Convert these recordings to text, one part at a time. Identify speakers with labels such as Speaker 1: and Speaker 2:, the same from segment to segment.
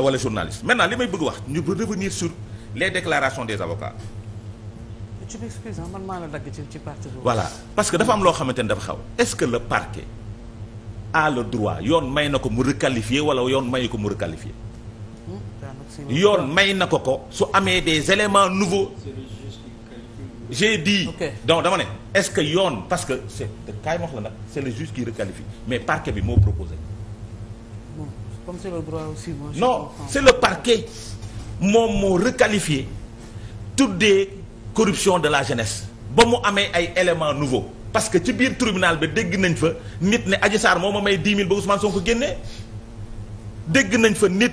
Speaker 1: wala journaliste maintenant li may bëgg wax ñu revenir sur les déclarations des avocats. tu m'excuses man maa la dagg ci ci partie voilà parce que dafa am loo xamante ni dafa xaw est-ce que le parquet a le droit yoon may na ko mu requalifier wala yoon may ko mu requalifier. Hmm? yoon may na ko ko su amee des éléments nouveaux. j'ai dit donc dama ne est-ce que yoon parce que c'est kaay wax la nag c'est le juge qui requalifie mais parquet bi moo proposé. comme c'est aussi moi, non c'est le parquet moom moo requalifié tuddee corruption de la jeunesse ba mu amee ay éléments nouveau parce que ci biir tribunal bi dégg nañ fa nit ne Adji Sarr moo ma may 10 000 ba Ousmane Sonko génnee dégg nañ fa nit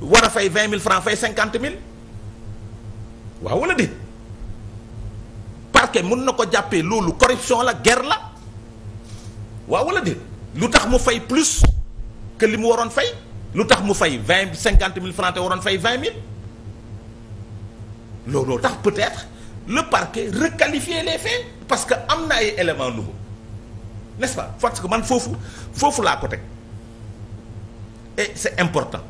Speaker 1: war a fay vingt mille francs fay cinquante 000 waaw wala déet parquet mun na ko jàppee loolu corruption la guerre la waaw wala déet lu tax mu fay plus. que li mu waroon fay lu tax mu fay vingt cinquante mille francs te waroon fay vingt mille looloo tax peut-être le parquet requalifier les faits parce que am na ay éléments nouveaux n'est-ce pas parce que man foofu foofu laa ko teg et c'est important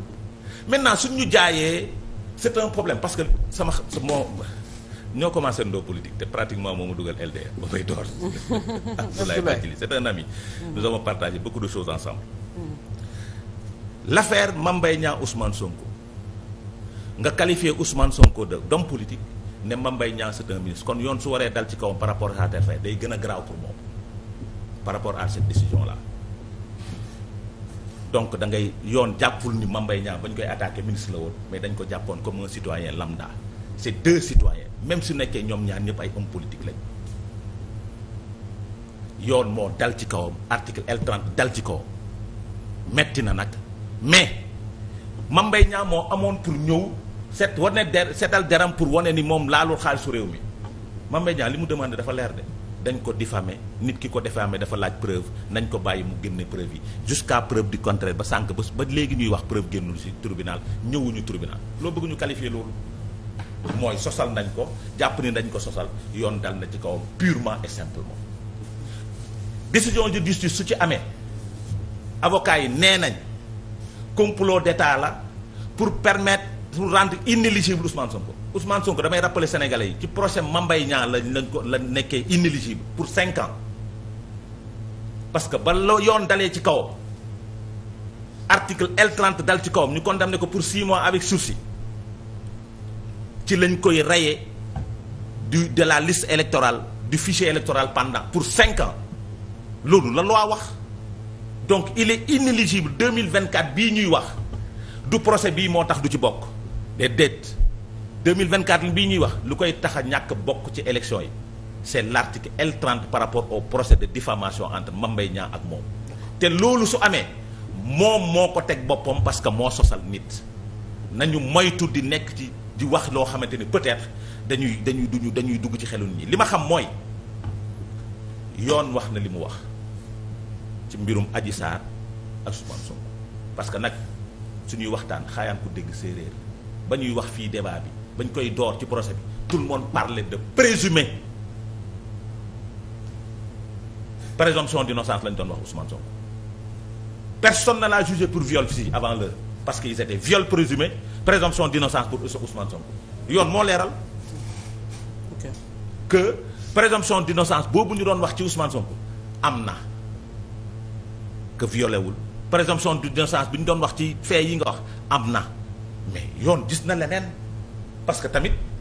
Speaker 1: maintenant suñ ñu jaayee c'est un problème parce que sama moo ñoo commencé ndoo politique te pratiquement moo ma dugal LDR ba may door Abdoulaye Bathily c'est un ami nous avons partagé beaucoup de choses ensemble l'affaire Mame ñaar Niang Ousmane Sonko nga qualifié Ousmane Sonko de d'homme politique ne Mame Mbaye Niang c'est un ministre kon yoon su waree dal ci kawam par rapport à cette affaire day gën a graaw pour moom par rapport à cette décision la donc da ngay yoon jàppul ni Mame Mbaye Niang ba ñu koy attaqué ministre la woon mais dañ ko jàppoon comme un citoyen lambda c'est deux citoyens même su nekkee ñoom ñaan ñëpp ay homme politique lañ yoon moo dal ci kawam article L30 dal ci kawam metti na nag mais Mame Mbaye Niang moo amoon pour ñëw set war ne der setal deram pour wane ni moom laalul xaalisu réew mi Mame Mbaye li mu demandé dafa leer de dañ ko diffamé nit ki ko diffamé dafa laaj preuve nañ ko bàyyi mu génne preuve yi jusqu'à preuve du contraire ba sànq ba ba léegi ñuy wax preuve génnul ci tribunal ñëwuñu tribunal loo bëgg ñu qualifier loolu mooy sosal nañ ko jàpp ni dañ ko sosal yoon dal na ci kawam purement et simplement décision justice su ci amee avocat yi nee nañ complot d'état la pour permettre pour rendre inéligible Ousmane Sonko Ousmane Sonko damay rappeler sénégalais yi ci procès Mame Mbaye Niang lañ lañ ko la nekkee inéligible pour cinq ans parce que ba loo yoon dalee ci kawam article L30 dal ci kawam ñu condamné ko pour six mois avec sursis ci lañ koy rayé du de la liste électorale du fichier électoral pendant pour cinq ans loolu la loi wax. donc il est inéligible 2024 bii ñuy wax du procès bii moo tax du ci bokk de déedéet 2024 bii ñuy wax lu koy taxa a ñàkk bokk ci élection yi c'est l'article L30 par rapport au procès de diffamation entre Mame Mbaye ak moom te loolu su amee moom moo ko teg boppam parce que moo sosal nit nañu moytu di nekk ci di wax loo xamante ni peut-être dañuy dañuy duñu dañuy dugg ci xelu nit ñi li ma xam mooy yoon wax na li mu wax ci mbirum Adji a ak Ousmane Sonko parce que nag suñuy waxtaan xaayaan ku dégg séeréer ba ñuy wax fii débat bi bañ koy door ci procès bi tout le monde parlait de présumé présomption d'innocence lañ doon wax Ousmane Sonko personne ne l'a jugé pour viol fii avant l'heure parce qu'ils étaient viol présumé présomption d'innocence pour Ousmane Sonko yoon moo leeral que présomption d'innocence boobu ñu doon wax ci Ousmane Sonko am na que violé wul présomption d'innocence bi ñu doon wax ci fee yi nga wax am na mais yoon gis na leneen parce que tamit.